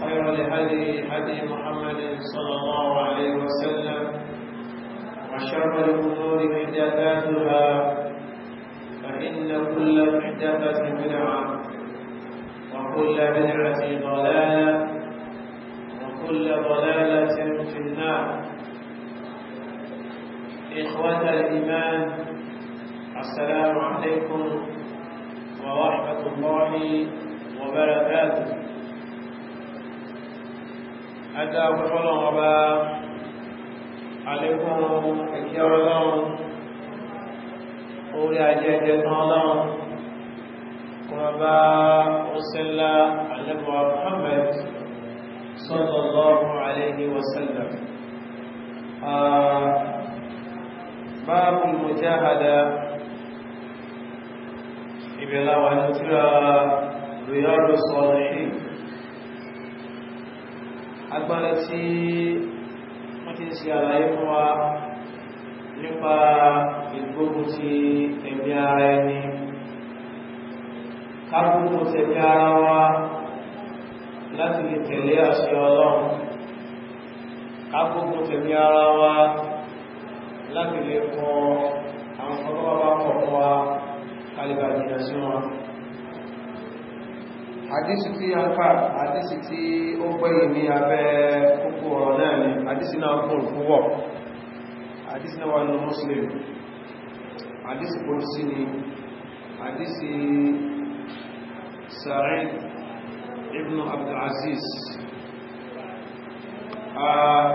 خير لهدي هدي محمد صلى الله عليه وسلم وشر الأمور محدثاتها فإن كل محدثة بدعة وكل بدعة ضلالة وكل ضلالة في النار إخوة الإيمان السلام عليكم ورحمة الله وبركاته ajá púpọ̀lọ̀ ọba àlékún ẹ̀kẹ́ ọlọ́run orí ajẹ́jẹ́ tán ọlọ́run kuma bá òsìnlá alẹ́bọ̀ Muhammad sallallahu alayhi wa sallam babul mujahada ibẹ̀láwà ní tíra riyadu salihin agbára tí wọ́n ti ń ṣe àlàyé fún wa nípa ìgbógun ti ẹ̀mí ara ẹni kágbógun ti ẹ̀mí ara wa láti lè tẹ̀lé àṣẹ ọlọ́run kágbógun ti ẹ̀mí ara wa láti lè kọ àwọn ọlọ́wọ́ bá wa kálíbà jìnà wọn àdísì tí a ń fà àdísì tí ó gbẹ̀yìn ní abẹ́ púpọ̀ ọ̀rọ̀ náà ni àdísì náà kún fúwọ̀ àdísì náà wà ní muslim àdísì kúrúsí ni àdísì Sa'id ibn Abdulaziz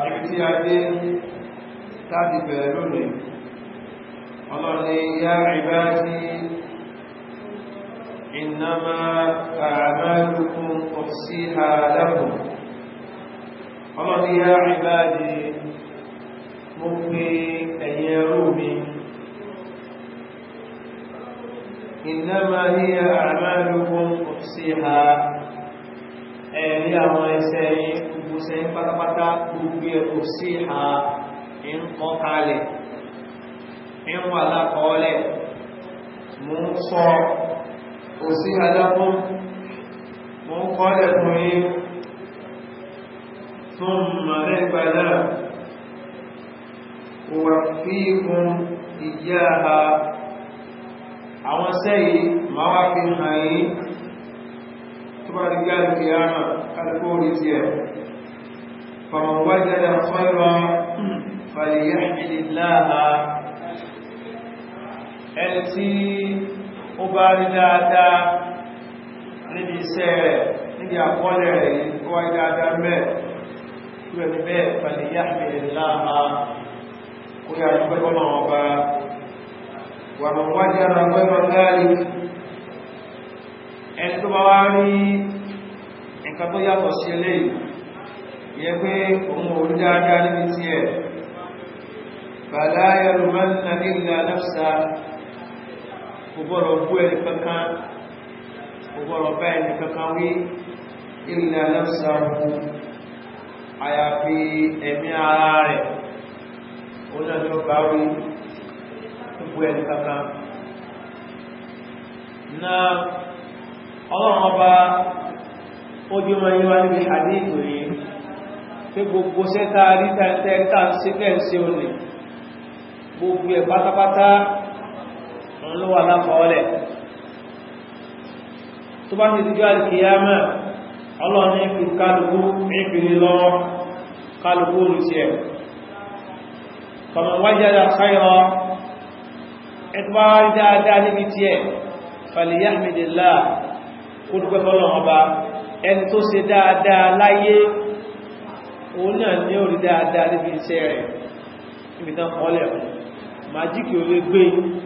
ìrìtí adé tàbí bẹ̀rẹ̀ lónìí ọlọ́ni yá ìbáyé إنما أعمالكم أحصيها لكم قال يا عبادي مقبي أن يرومي إنما هي أعمالكم أحصيها ẹ̀rí àwọn ẹsẹ̀ gbogbo sẹ́yìn pátápátá gbogbo ẹ̀kọ́ sí ha ń kọ́ kalẹ̀ ń wà lákọọ́lẹ̀ mú sọ kò sí adákún mo ń kọ́lẹ̀ fún yí tún mọ̀ lẹ́gbà náà wà fí fún ìjá àwọn sẹ́yìí ma wá fi hàn yí tó bá rí gbáàrí kìí àmà kálùkóòrí tí ẹ̀ فمن وجد خيرا فليحمد الله ẹni tí ó bá rí dáadáa níbi iṣẹ́ rẹ̀ níbi àkọọ́lẹ̀ rẹ̀ ó wá rí dáadáa mẹ́ ìwẹ̀ ní bẹ́ẹ̀ pẹ̀lú yáàmì láàmà kó yá ní pẹ́kọ́ náà ọba wà mọ̀ wájá ra kò gbọ́dọ̀ bú ẹni kankan kò gbọ́dọ̀ bá ẹni kankan wí ilẹ̀ alẹ́sàrù àyàfi ẹ̀mí ara rẹ̀ onájọ́ bá wí bú ẹni kankan na ọlọ́run ọba ó jí wọn yíwá níbi àdéhùn yìí pé gbogbo sẹ́ta rí tẹ́ẹ̀ta sí tẹ́ẹ̀ sí òní gbogbo ẹ̀ pátápátá òun ló wà lákọọ́lẹ̀ tó bá ti dúdú àdìkìyàmà ọlọ́run ní fi kálukú ìpìlẹ̀ lọ kálukú olùsẹ̀ kọmọ wájára káyọ ẹgbà dáadáa níbi tí ẹ fàlìyàmìdìlá kó dúpẹ́ fọ́lọ́run ọba ẹni tó ṣe dáadáa láyé òun náà ní orí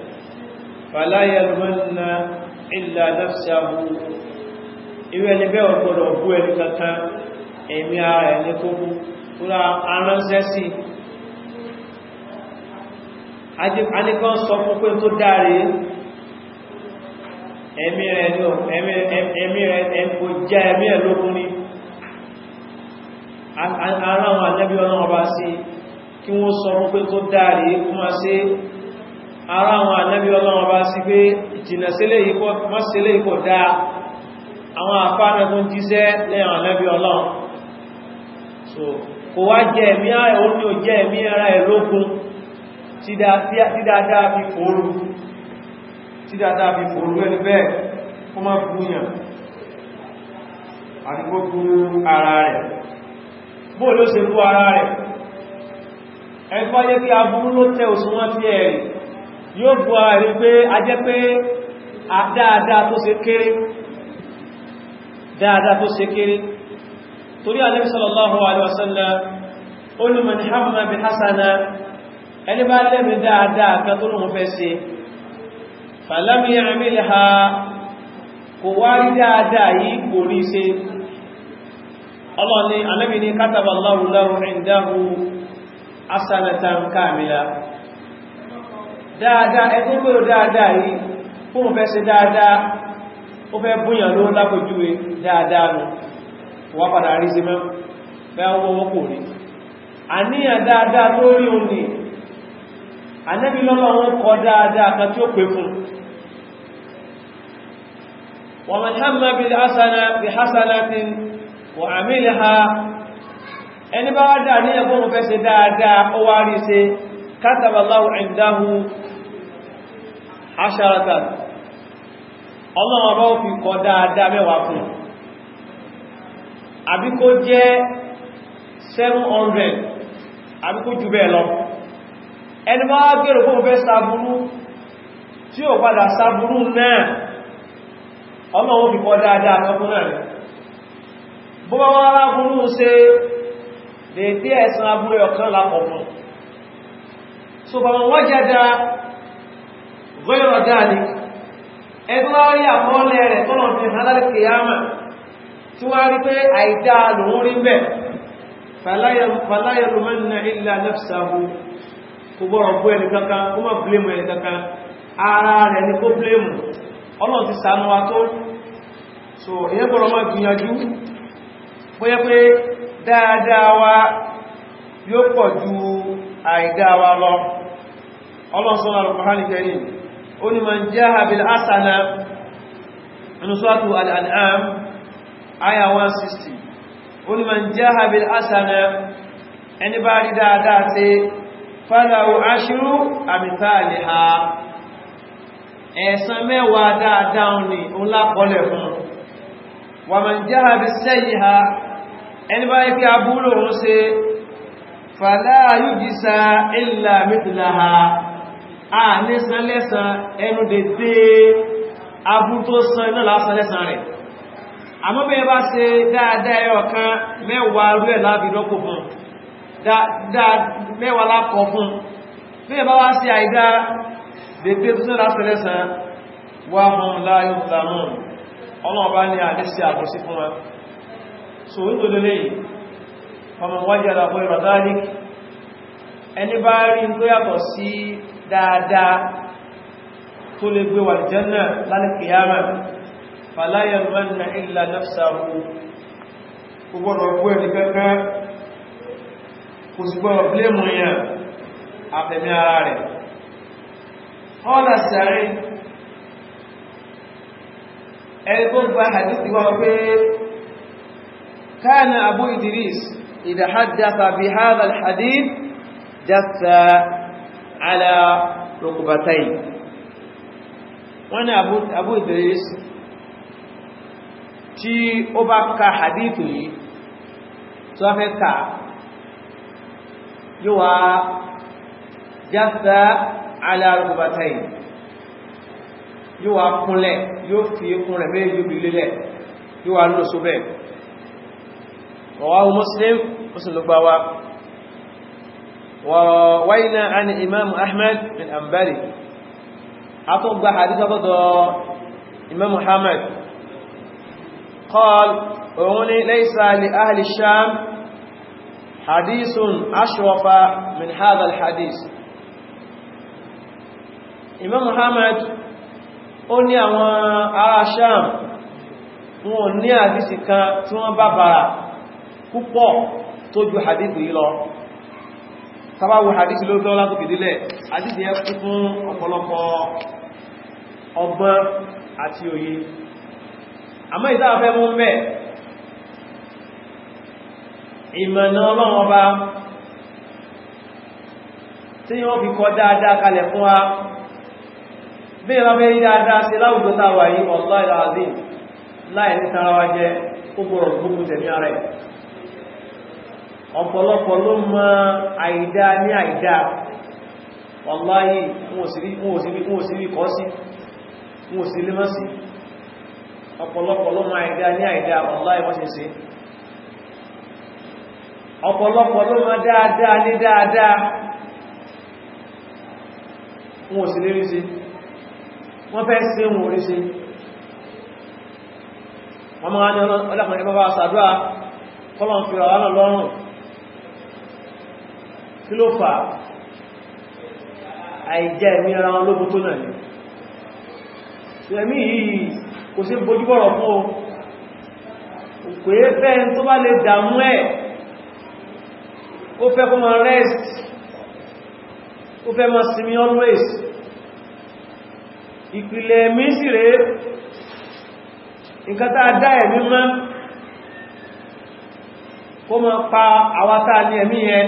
فلا يلمن إلا نفسه irú ẹni bẹ́ ọ̀pọ̀lọ̀ bú ẹni kankan ẹ̀mí ara ẹni tó mú fúnra aránṣẹ́ sí anìkan sọ fún pé tó dáre ẹ̀mí rẹ̀ ní ẹ̀mí rẹ̀ ẹ̀kò jẹ́ ẹ̀mí ẹ̀ lókun ní ara àwọn àjẹ́bí ọlọ́wọ́ bá sí kí wọ́n sọ fún pé tó dáre kó máa ṣe ara àwọn ànábí ọlọ́wọ́ bá sí pé ìjìnà sílẹ̀ ikọ̀ mọ́sílẹ̀ ikọ̀ dáa àwọn àfáànà tó ń jíṣẹ́ lẹ́yàn ànábí ọlọ́wọ́ so kò wá jẹ́ ẹ̀mí ò jẹ́ ẹ̀mí ara ẹ̀ lókun tí dáadáa fi fòrú ẹni bẹ́ẹ̀ kó má gúnyàn àti kó ara rẹ̀ ló ṣe ara rẹ̀ yóò bọ́ àrí pé a jẹ́ pé dáadáa tó ṣe kéré dáadáa tó ṣe kéré torí Ànábì sallallahu alaihi wasallam olùmọ̀ ní hamma bí hasana ẹni bá lẹ́mí dáadáa kan tó lóun fẹ́ ṣe falam ya'milha kò wá rí dáadáa yìí kò rí ṣe ọlọ́ni Ànábì ní kataballahu lahu indahu hasanatan kamila dáadáa ẹgbẹ́ gbèrò dáadáa yìí fún òun fẹ́ ṣe dáadáa ó fẹ́ búyàn ló lápòjúwe dáadáa nù wà padà rí sí mọ́ fẹ́ wọ́wọ́ kò rí àníyàn dáadáa tó rí òun ni ànẹ́bí lọ́lọ́ wọn kọ dáadáa kan tí ó pè fún wa bi ẹni bá wá dáa ní ẹgbọ́n fẹ́ ṣe dáadáa ó wá rí ṣe indahu aṣáratà ọlọ́run ọba ó fi kọ dáadáa mẹ́wàá fún àbí kó jẹ́ 700 àbí kó jù bẹ́ẹ̀ lọ ẹni bá gẹ́rò fún fẹ́ sàbúrú tí ó padà sàbúrú náà ọlọ́run ó fi kọ dáadáa kọkún náà bó bá wọ́n arábúrú ṣe lè dé ẹ̀sán abúrú ọ̀kan lápọ̀ fún so bàbá wọ́n jẹ́ dáa غير ذلك ẹgbẹ́wárí àkọọ́lẹ̀ rẹ̀ tọ́nà ti hànálẹ̀ kìyàmà tí wá rí pé àìdá lòun rí mẹ́ fàláyẹ̀lú mẹ́nà ilẹ̀ nẹ́fṣàwó kò gbọ́rọ̀ bú ẹni kankan kó mọ́ ara rẹ̀ ní kó blémù ọlọ́n so ìyẹ́ gbọ́rọ̀ máa gbìyànjú bóyẹ́ ju ó ní man jaha bil hasana inú suratu al aya 160 ó ní man jaha bil hasana ẹni bá rí dáadáa tí fáláwò aṣírú amithaliha ẹ̀san mẹ́wàá dáadáa ní ńlápọ̀lẹ̀ fún wa man jaha bis sayyiha ẹni bá a ní san lẹ́san ẹnu dédé abú tó san iná lásán lẹ́san rẹ̀ àmọ́ bẹ́ẹ̀ bá ṣe dáadáa ẹ ọ̀kan mẹ́wàá rú ẹ̀ láàbì fún mẹ́wàá lápọ̀ fún bẹ́ẹ̀ bá wá sí àìdá dédé tó san lásán wà so ẹni bá rí tó dáadáa tó lè gbé wà jẹ́nà lálẹ́kìyàmà fàláyẹ̀mọ́ na ìlà nafsahu gbogbo ọgbọ́ ẹni kankan kò sí gbọ́rọ̀ bléèmù yàn àfẹ̀mí ara rẹ̀ ọ́nà sẹ́rin ẹni tó gba hadithi wá pé ala rukubatai wọ́n ní abu idris tí ó bá ka hadithu yìí tó wá fẹ́ ka yóò wá jásá ala rukubatai yóò wá kúnlẹ̀ yóò fi kún rẹ̀ méjì yóò bí lélẹ̀ yóò wá lọ sóbẹ̀ muslim muslim ló gbá wá وروينا عن الإمام أحمد من أنبري أطبع حديث بضع إمام محمد قال أغني ليس لأهل الشام حديث أشرف من هذا الحديث إمام محمد أغني أهل الشام wọ́n ní àdísì kan tí wọ́n bá bàrà púpọ̀ tó ju hadith yìí lọ sábàwò hadith ló tọ́lá tó fìdílẹ̀ hadith yẹ kú fún ọ̀pọ̀lọpọ̀ ọgbọ́n àti òye àmọ́ ìsáfẹ́ mú mẹ́ ìmọ̀nà ọlọ́run ọba tí wọ́n fi kọ dáadáa kalẹ̀ fún wa bí i rọ́bẹ̀ dáadáa sí láwùjọ táwà yìí ọ̀lọ́ ìlàzí láì ní tarawa jẹ́ kó gbọ́rọ̀ gbogbo tẹ̀mí ara ẹ̀ ọ̀pọ̀lọpọ̀ ló mọ àìdá ní àìdá wàláyé wọn ò sí rí kọ́ sí wọn ò sí lé mọ́ sí ọ̀pọ̀lọpọ̀ ló mọ àìdá ní àìdá wàláyé wọ́n ṣe ṣe ọ̀pọ̀lọpọ̀ ló mọ dáadáa ní dáadáa wọn ò sí lé rí sí wọ́n fẹ́ sí wọn rí sí wọ́n máa ní ọlọ́pàá ní bọ́bá sàdúrà kọ́lọ̀ ń lọ́rùn kí ló fà àìjẹ́ ẹ̀mí ara wọn lóbo tó náà ní ẹ̀mí yìí kò sí bójúbọ̀rọ̀ fún o kò yé fẹ́ tó bá lè dàmú ẹ̀ ó fẹ́ kó máa rest ó fẹ́ máa sinmi always ìpìlẹ̀ ẹ̀mí sì rẹ̀ pa àwátá ní ẹ̀mí yẹn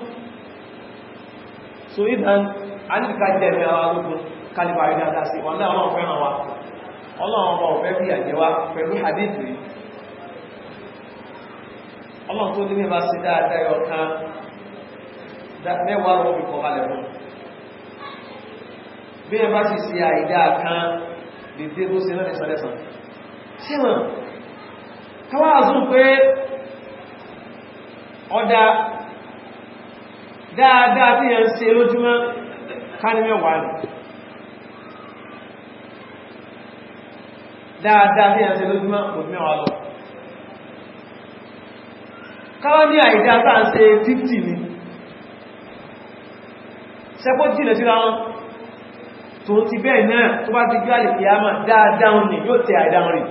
so idan a ní ká jẹ́ ẹ̀mẹ́ ara lógún kálífà rí dáadáa wọn náà wọ́n wa ọlọ́run ọba ọ̀fẹ́ bí àjẹ́ wa pẹ̀lú àdéjì ọlọ́run tó ní mẹ́bà dáadáa ọ̀kan mẹ́wàá lọ́wọ́ fi kọ̀ọ̀kalẹ̀ fún bí ẹ bá sì sí àìdá kan lè tó sí lọ́nà ìsọ̀lẹ́sàn sí wọn káwàá zùn pé ọ̀dà dáadáa tí yẹn ń ṣe lójúmọ́ kánímẹ́wàá nì dáadáa tí yẹn ń ṣe lójúmọ́ kò mẹ́wàá lọ káwọ́ ní àìdá tá ń ṣe 50 ni sẹ́kọ́ jìnà síra wọn tó ti bẹ́ẹ̀ náà tó bá ti gbá lè fi àmà dáadáa ní yóò tẹ àìdá rìn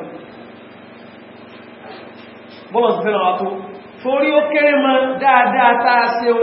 bọ́lọ̀ sí fẹ́ràn wá tó torí ó kéré mọ́ dáadáa tá a ṣe ó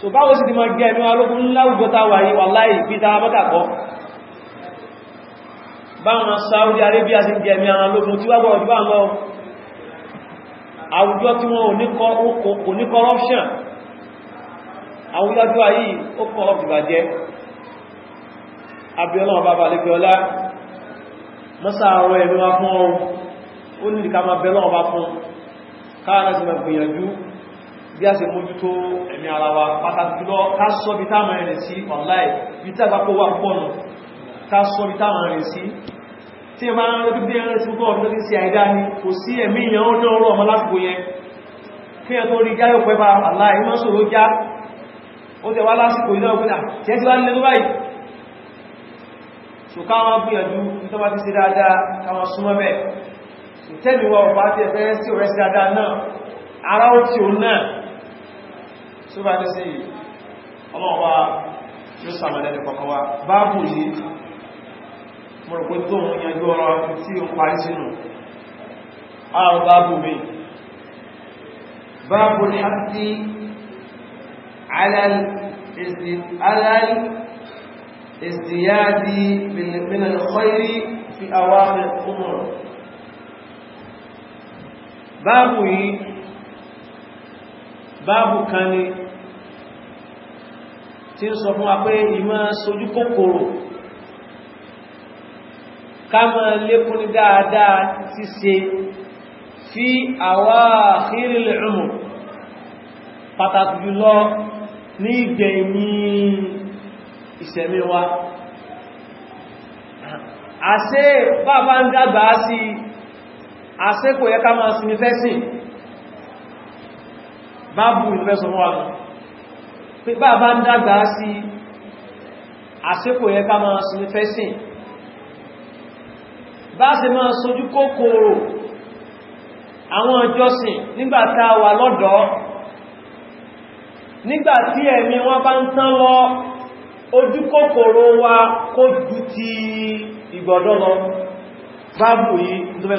so báwo sì ti mọ gẹ́ ẹ̀mí alógún láwùjọ táwà yìí wà láì pítà mọ́kàkọ́ báwọn Saudi Arabia sí gẹ́ ẹ̀mí alógún tí wábọ̀ ọdún báwọn lọ àwùjọ tí wọ́n kò ní corruption àwùjọ tí wà ó corrupt bàjẹ́ abiola ọba balẹ́gbẹ̀ọ́lá mọ́sá àrọ ẹ̀mí wa fún ọrùn ó ní ìdíkà máa bẹ̀lọ́ ọba fún bí a ṣe mójú tó ẹ̀mí ara wa pàtàkì lọ ká sọ bí táàmà rẹ̀ sí ọ̀láì bí tàbí kó wà pọ̀nà ká sọ bí táàmà rẹ̀ sí tí ẹ máa ń rẹ̀ bí ẹran tí gbọ́n ọdún sí àìdá ni kò sí ẹ̀mí ìyàn ó náà rọ̀ ọmọ lásìkò yẹn kí ẹ tó rí jáyọ pẹ́ bá aláì mọ́ sọ̀rọ̀ já ó tẹ̀ wá lásìkò iná ọgbẹ́dà tẹ́ ti wá nílé tó báyìí so káwọn gbìyànjú tó bá ti ṣe dáadáa káwọn súnmọ́ bẹ́ẹ̀ tẹ́lùwọ̀ bá ti ẹ̀fẹ́ sí ọ̀rẹ́ sí dáadáa náà ara ó ti òun náà tó bá dẹ́sí ọlọ́ọ̀bá yóò sàmàlẹ́ ní kọ̀kọ́ wa báàbù yìí mọ̀rọ̀ pé tó ń yanjú ọ̀rọ̀ tí ó parí sínú àrùn báàbù mi báàbù ní àti alàìsìyàdì mìnàlẹ̀ kọ́ìrí fi àwọn àmì báàbù kan ni tí ń sọ fún wa pé ìmọ̀ sojú kòkòrò ká lékún ní dáadáa ti ṣe fi àwáàkhírì l'umr pàtàkì jùlọ ní ìgbẹ̀yìn ìṣẹ̀mí wa àṣẹ bàbá ń dàgbà sí àṣẹ kò yẹ ká máa sinmi báàbù ìfẹ́sọ̀ wọn pé bá bá ń dàgbà sí àsìkò yẹ ká máa sinmi fẹ́sìn bá ṣe máa sojú kòkòrò àwọn ọjọ́sìn nígbàtá wà lọ́dọ̀ nígbàtí ẹ̀mí wọn bá ń tán lọ ojú kòkòrò wa kó ju ti ìgbọ̀dọ́ lọ báàbù yìí tó fẹ́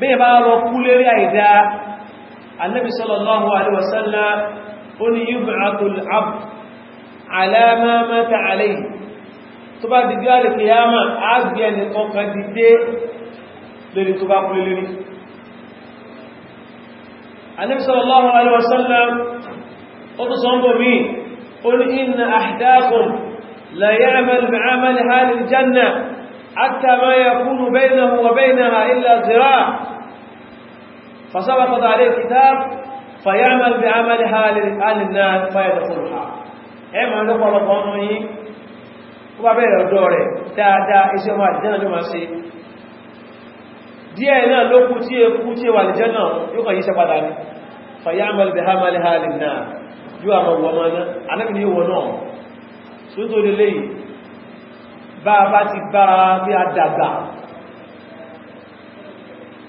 bẹ́ẹ̀ bá rọ kú lérí àìdá annabi sallallahu alaihi wasallam ó ní yub'atul abd ala ma mata alayhi tó bá dìdí alìkìyàmà ágbé ẹni kọkàn dìdé lórí tó bá kú lérí annabi sallallahu alaihi wasallam ó tó sọ ń bọ̀ inna ahdakum la ya'mal bi'amali halil janna حتى ما يكون بينه وبينها إلا ذراع فسبقت عليه الكتاب فيعمل بعملها لأهل النار فيدخلها ẹmà lọ́pọ̀lọpọ̀ ọmọ yìí ó bá bẹ̀rẹ̀ ọ̀dọ́ rẹ̀ dáadáa iṣẹ́ ọmọ àdìjẹ́ náà ló máa ṣe díẹ̀ náà ló kú tí ekú tí wà lìjẹ́ náà yóò kàn yí ṣe padà ní fayyamal bi hamali halin náà yóò àmọ̀ wọ́n máa náà bá a bá ti bí a dàgbà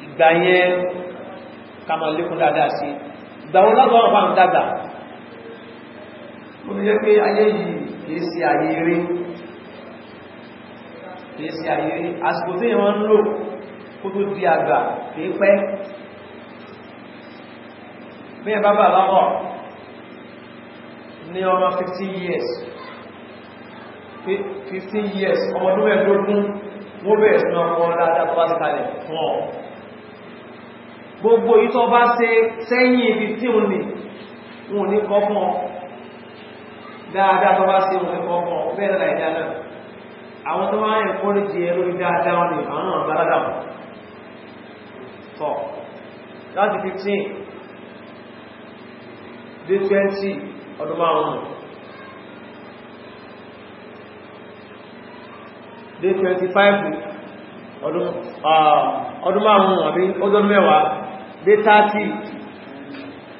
ìgbà yẹn ká máa lékún dáadáa sí ìgbà wọn lọ́gbọ́n wọn fáwọn dàgbà ó yẹ pé ayé yìí kìí ṣe ayé eré kìí ṣe di àgbà kìí pẹ́ bí ẹ bá ní ọmọ 15 years 15 years ọmọ ọdún mẹ́ẹ̀dógún wọ́n bẹ̀rẹ̀ sí ọkọ̀ dáadáa tó bá ti kalẹ̀ fún ọ gbogbo ìtọ́ bá ṣe sẹ́yìn ibi tí ò ní wọn ní kọ́ fún ọ dáadáa tó bá ṣe wọn ní kọ́ fún ọ bẹ́ẹ̀ láì dáadáa àwọn tó wá ń kọ́ ní ti ẹ̀rọ dáadáa wọn ni àwọn náà dáadáa wọn tọ́ láti 15 dé 20 ọdún márùn-ún dé 25 ọdún márùn-ún àbí ọdún mẹ́wàá dé 30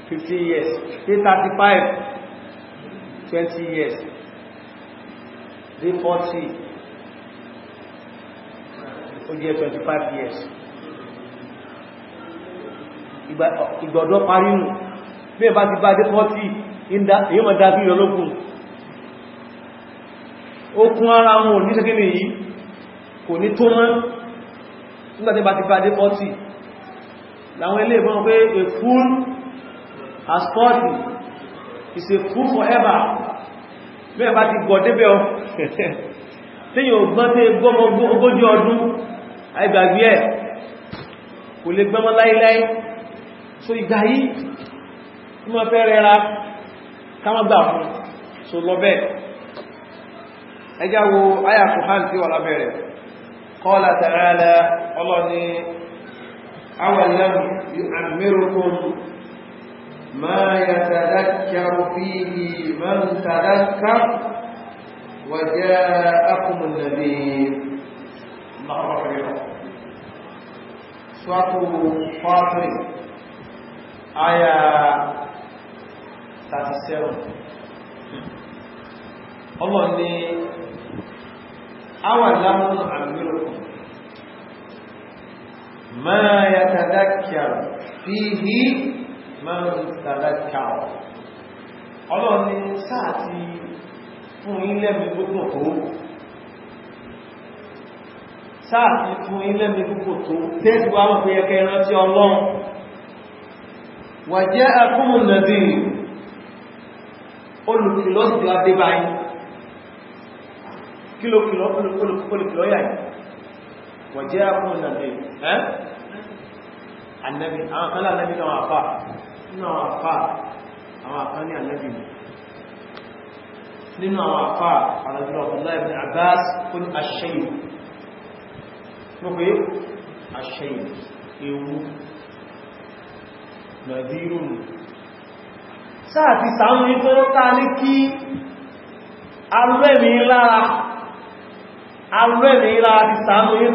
15 years dé 35 20 years dé 40 ó jẹ́ 25 years ìgbọ̀dọ̀ parí nù bí ẹ bá ti bá dé 40 èyí mọ̀ dábí ìrọlógún ó kún ara wọn ò ní sẹ́kẹ́ nìyí kò ní tó mọ́ nígbàtí bá ti bá dé láwọn ilé ìbọn pé a fool has forty is a fool forever mẹ́rin bá ti gọ̀ débẹ̀ ọ tíyàn ògbọ́n tí gbọ́mọ ogójì ọdún àìgbàgbé ẹ̀ kò lè gbọ́mọ láíláí so ìgbà yìí tí wọ́n fẹ́ rẹra kámọ́gbà fún so lọ bẹ́ẹ̀ ẹjá wo ayàkùnhàn tí wà lábẹ́rẹ̀ قال تعالى الله أولم يؤمركم ما يتذكر فيه من تذكر وجاءكم النذير الله أكبر سورة فاطر آية 37 الله أولم أعمركم ما يتذكر فيه من تذكر ọlọ́run ni sáà ti fún ilẹ́mi gbogbo tó sáà ti fún ilẹ́mi gbogbo tó tẹ́jú àwọn pé ẹkẹ ìrántí ọlọ́run wà jẹ́ ẹkùnmù nàbí olùkìlọ́sì adébáyìí kílòkìlò kílòkìlò yà yìí wọ̀ jẹ́ àkún ìnàbí ẹ́ annabi àwọn kan lánàbí náà àfà nínú àwọn àfà àwọn àkan ní annabi nínú àwọn àfà àrọ̀jùlọ ọ̀pọ̀lá ibn abbas fún aṣẹ́yìn mo pé aṣẹ́yìn ewu nàbírùn sáà ti sàánú ikọ́ tá ní kí arúgbẹ́mí lára arúgbẹ́ni ilá àti sàánú yí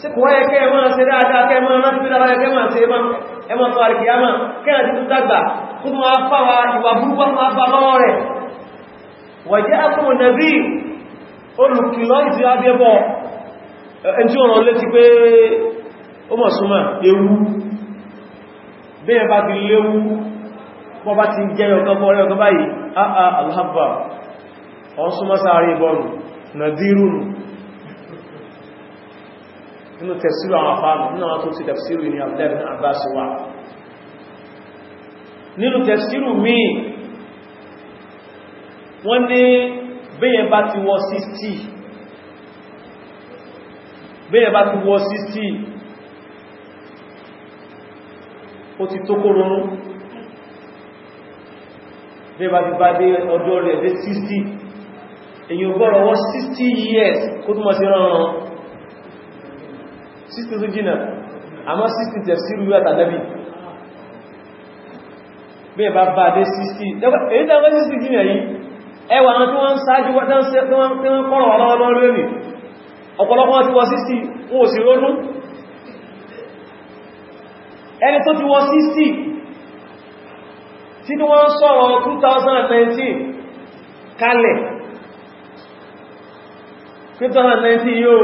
sí kò wáyé kẹ́ ẹmọ́ ṣe dáadáa kẹ́ ẹmọ́ rántí pílára ẹgbẹ́ máa ṣe ẹmọ́ tó àríkì yá máa kẹ́ tó dàgbà kó mọ́ afáwa ìwà burúkú máa ewu bẹ́ẹ̀ ti léwu nínú tẹ̀síru àwọn afáàmù nínú àwọn tó ti tẹ̀síru ní abdullahi bin abbas wà nínú tẹ̀síru míì wọ́n ní bẹ́yẹn bá ti wọ 60 bẹ́yẹn bá ti wọ 60 ó ti tó kóròrò bẹ́yẹn bá ti bá dé ọjọ́ rẹ̀ dé 60 èyí ò gbọ́rọ̀ wọ́n 60 years kó túnmọ̀ sí rán 60 tó jìnà àmọ́ 60 tẹ̀síru yàtà nẹ́bí bí ẹ̀bá bá dé 60 èyí tàbí 60 jìnà yìí ẹwà àwọn tí wọ́n sáájú wọ́n kọ́rọ̀ wà lọ́wọ́ lórí ní ọ̀pọ̀lọpọ̀ ti wọ 60 wọ́n ò sí rónú ẹni tó ti wọ 60 tí wọ́n sọ̀rọ̀ 2019 kalẹ̀ 2019 yóò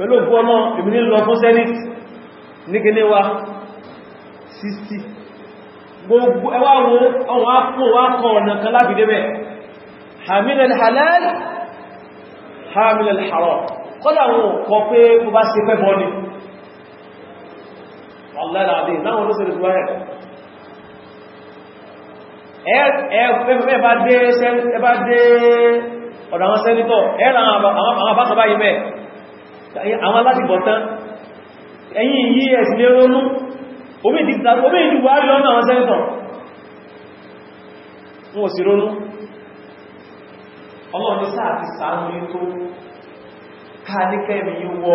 pẹ̀lú ògbó ọmọ èmi ní lọ fún senate nígilé wa 60 gbogbo ẹwà wo ọwọ́ ápùn wá kọ ọ̀nà kan láti débẹ̀ hamil al-halal hamil al-haram kọ́lá wọn kọ pé bó bá ṣe pẹ́bọ́ ni ọ̀lẹ́lẹ́lẹ́ láwọn olóṣèlú tó wáyẹ̀ ẹ̀ẹ́bá àwọn aládìbọ̀tán ẹ̀yìn yí ẹ̀sìn lé ronú omi ti dàrú omi ìlú wà lọ́nà àwọn sẹ́ntọ̀ wọn ò sí ronú ọlọ́ni sáà ti sàánú ní tó káàdíkẹ́mì wọ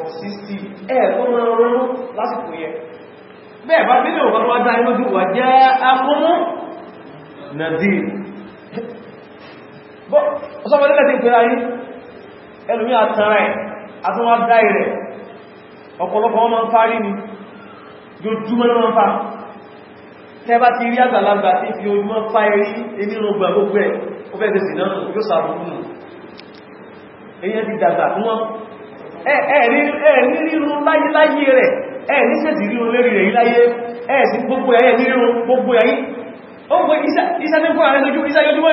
60 ẹ̀ẹ̀kọ́ mọ́ ronú lásìkò àtúnwà dá ìrẹ̀ ọ̀pọ̀lọpọ̀ wọn máa ń fárí ni yóòjúmọ́ ló máa ń fa tẹ́bá ti rí àgbàlagbà tí fi ojúmọ́ fa erí enírun gbà gbogbo ẹ̀ ó fẹ́ tẹ̀sì náà yóò sàrùkún èyàn ti dàgbà fún wọn ẹ̀ẹ̀rí rírun láyé rẹ̀ ẹ̀ẹ̀rí sẹ̀sì rírun lérí rẹ̀ láyé ẹ̀ẹ̀sì gbogbo ẹ̀ rírun gbogbo ẹ̀ ó gbé iṣẹ́ ní fún ààrẹ lójú iṣẹ́ yóò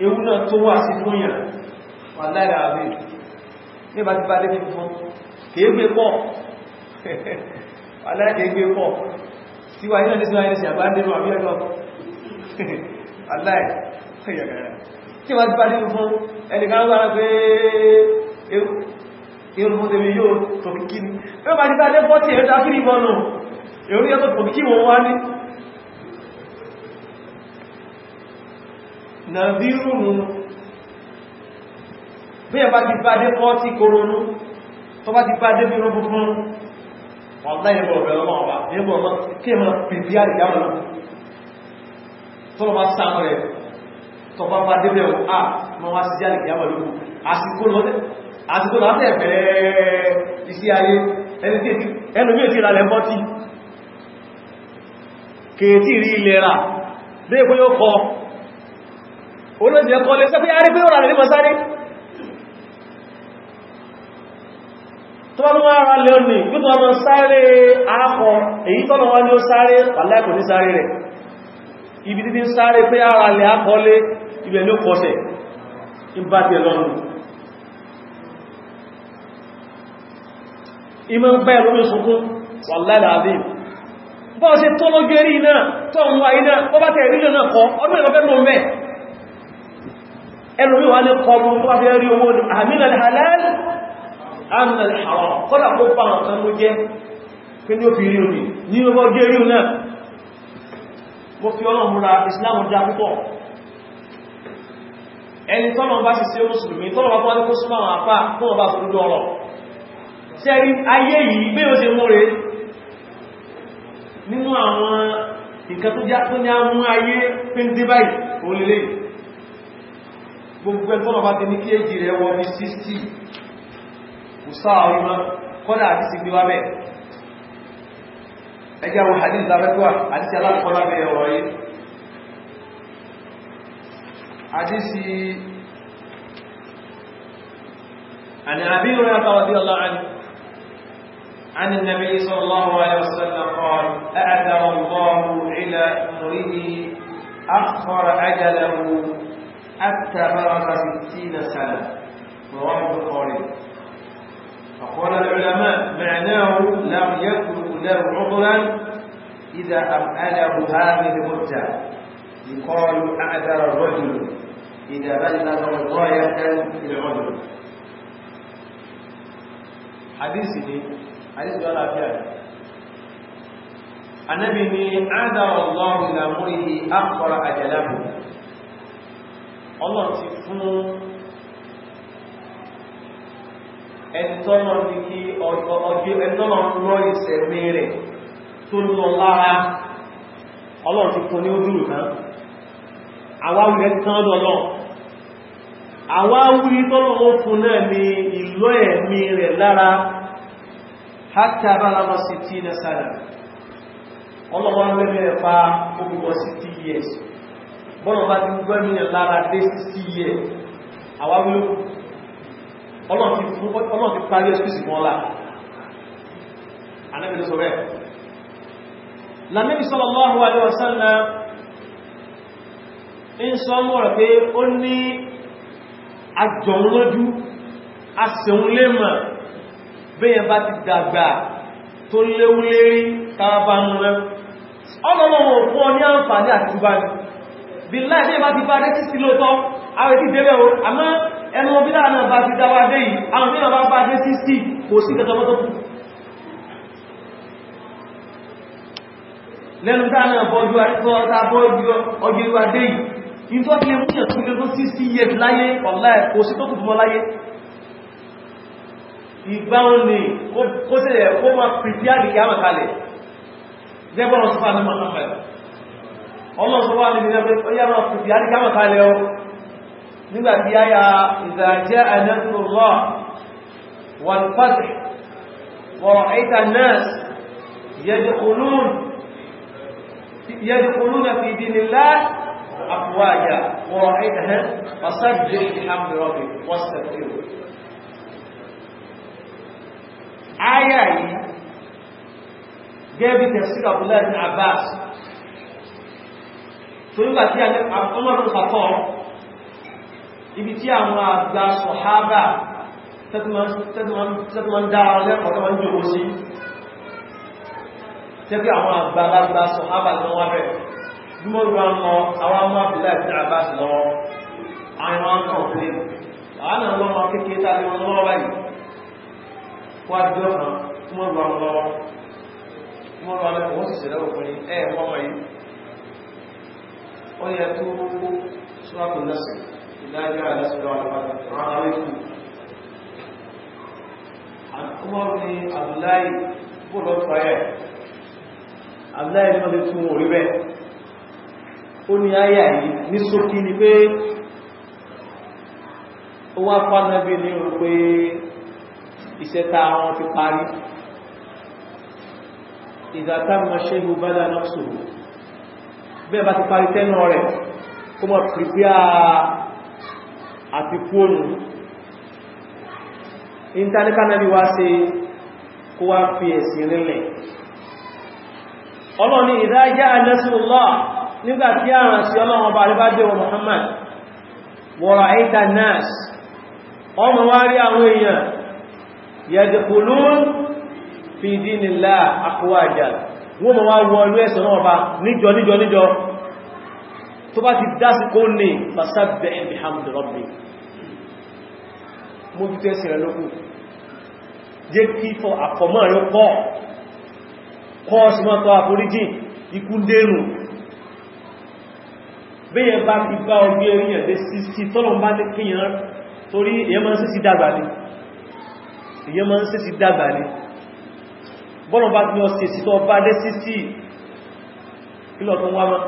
ewu náà tó wà sí fún yàn wà láìra àbí nígbà tí bá dé fífún kéègbé pọ̀ wà láìra kéègbé pọ̀ tí wà nílẹ̀ nísìnà ẹni sí àbá nínú àbí ẹ̀lọ́ aláì tí wà tí bá dé fífún ẹnìkan wà pé irun nàbírù nù bí ẹ̀ bá ti bá dé kọ́ tí koronú tó bá ti bá dé bí rọ́bù fún ọ̀dá ìbọ̀ rẹ̀ ọmọ ọba ìbọ̀ ọmọ kí ẹmọ pèbí àríyáwó tó lọ bá sáà rẹ̀ tó bá bá dé bẹ̀rù à mọ́ wá sí àríyáwó lókù àsìkò lọ́dẹ̀ àsìkò láti ẹ̀fẹ́ kèétì rí ilẹ̀ bí èkó yóò kọ́ olóòsì ẹkọ́ lè sẹ́fẹ́ yàrí pé ó rà lè mọ̀ sáré tó bá lọ́wọ́ ara lè ní yóò tó wọ́n sáré ààkọ́ èyí tọ́nà wọ́n ni ó sáré pàláìkò ní sáré rẹ̀ ibi títí sáré pé ara lè àkọ́ lé ibẹ̀ ló kọsẹ̀ ìbátẹ̀ lọ́nà ìmọ̀ ń bẹ́ẹ̀ lómi sunkún wàláìláàdì bọ́ọ̀ sí tọ́lọ́gẹ́rí náà tọ́ ẹlùmí wà ní kọrù tó wáfẹ́ rí owó ní àmìnà halal àmìnà haram kọ́lá kó pa nǹkan ló jẹ́ pé ní ó fi rí omi ní ọgbọ́ jẹ́ rí náà mo fi ọlọ́run múra islamu dá púpọ̀ ẹni tọ́nà bá sì sí mùsùlùmí tọ́nà bá wọ́n kó súnmọ́ àwọn gbogbo ẹgbọ́nà bá ti ní kí èjì rẹ̀ wọ́n bí 60 kò sáà orí mọ́ kọ́dà àti sí gbé wá bẹ̀ ẹjẹ́ àwọn hadith lábẹ́kọ́ àti sí alákọ́lá bẹ̀ ọ̀rọ̀ yìí àti àni àbí orí àtàwọn bí النبي صلى الله عليه وسلم قال أعذر الله إلى أمره أخر أجله حتى بلغ ستين سنة رواه البخاري فقال العلماء معناه لم يكن له عذرا إذا أمأله هذه المدة يقال أعذر الرجل إذا بلغ غاية العذر حديثي حديث ولا فعل النبي أعذر الله إلى أمره أخر أجله ọlọ́run ti fún ẹ̀tọ́lọ́ ní kí ọjọ́ ẹ̀tọ́lọ́ lọ ìsẹ̀mí rẹ̀ tó lọ lára ọlọ́run ti fún ní ojúrù náà tán lọ́lọ́ tọ́lọ́ ó fún náà ní ẹ̀mí rẹ̀ lára bọ́lọ̀ bá ti gbọ́ ní lára dé sí ẹ̀ àwáwílò ọlọ́n ti parí ẹ̀sùsì mọ́ ọlá anẹ́bìnrin sọ rẹ̀ lamẹ́bí sallallahu alaihi wasallam ń sọ mọ́rọ̀ pé ó ní àjọun lójú asẹ̀un lẹ́mọ̀ bẹ́yẹn bá ti dàgbà tó léwú lérí tàbá ń rẹ̀ ọlọ́wọ́ fún ọ ní àǹfààní àtúbáni bíláì bí ẹ bá ti bá rẹ́tí sí lóòtọ́ àwọn ètí débẹ̀ o àmọ́ ẹnu bíláà náà bá ti dáwà dé yìí àwọn mìíràn bá bá dé sí sí kò sí kẹtọmọ́tọ́ kù lẹ́nu bíláà náà bọ́jú àríkọ́ta bọ́jú ọjọ́ ìwà dé yìí in tó kílé múyàn tó kílé tó sí sí ọlọ́sọ̀wọ́ alìmìnàfẹ́ ọyá máa fi fi àríkà máa kalẹ̀ ọ nígbàtí ayá ìzàjẹ́ ànẹ́sùnlọ́ wọn fàtí wọ̀rọ̀ àìta náà يدخلون في دين الله أفواجا ورأيتها فسبح بحمد ربك واستغفره آية جابت تفسير عبد الله بن عباس torígbà tí ọmọdún sàtọ́ ibi tí àwọn àgbà sọ̀hábà tẹ́tùmọ̀ ń dára lẹ́kọ̀ọ́ tó wọ́n jòkó sí tẹ́kì àwọn àgbàlagbà sọ̀hábà lọ wá bẹ̀ dúmọ̀rúwá ń lọ àwọn ọmọ àbúlá ìdí àbá sí lọ àwọn ọkàn pé àwọn àwọn ọmọ kéèkéé tàbí wọn lọ́wọ́ báyìí wọ́n adúgbò kan dúmọ̀rúwá ń lọ dúmọ̀rúwá lẹ́kọ̀ọ́ wọ́n sì ó yẹ tó ṣúwàkù lẹ́sìn ìdájọ́ àlẹ́sìnlọ́ àlọ́pàá rárá ikú àkúmọ́rù ni àbúláì bóòlọ́ fàáyẹ̀ àbúláì náà lè tún orí bẹ́ ó ní ayà yìí ní sókí ni pé ó wá fánàbí ní o pé ìṣẹ́ta wọn ti parí ìzàtà mọ̀ ṣe gbogbo bá náà sòrò bẹ́ẹ̀ bá ti parí tẹ́nà rẹ̀ kó mọ̀ pìpíà àti fóònù ìntàníkànàbí wá sí kó wá fi ẹ̀sìn nílẹ̀ ọlọ́ni ìdájá alẹ́sùlọ́ nígbàtí àrùn sí ọlọ́run bá ríbá jẹ́ Muhammad wọ̀rọ̀ àìta nas ọmọ wá rí àwọn èèyàn yadkhulun fi dinillah afwaja wọ́n mọ̀ wá wọ inú ẹ̀sọ̀ náà bá níjọ níjọ níjọ tó bá ti dásí kó ní fasabbih bihamdi rabbik mo bí tẹ́sì rẹ̀ lókù jẹ́ kí fọ àfọ̀mọ́ rẹ̀ pọ̀ kọ́ sí mọ́ tọ́ àforíjì ikú dérù bẹ́yẹ bá ti bá ọgbẹ́ èèyàn lé máa ń sí sí dàgbà ní bọ́lọ̀ bá ní ọ̀sẹ̀ sí tó bá dé sí sí ìlọ̀ tó wá máa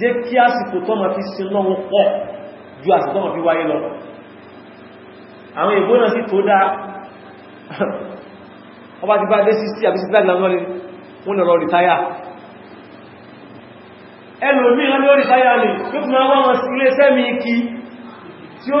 jẹ́ kí àsìkò tó máa fi sin lọ́wọ́ pọ̀ ju àsìkò tó máa fi wáyé lọ àwọn èbó náà sí tó dáa ọba ti bá dé sí sí àbí sí gbàgbà mọ́rin wọ́n ni yóò fi máa wọ́n wọn sí iléeṣẹ́ mi kí tí ó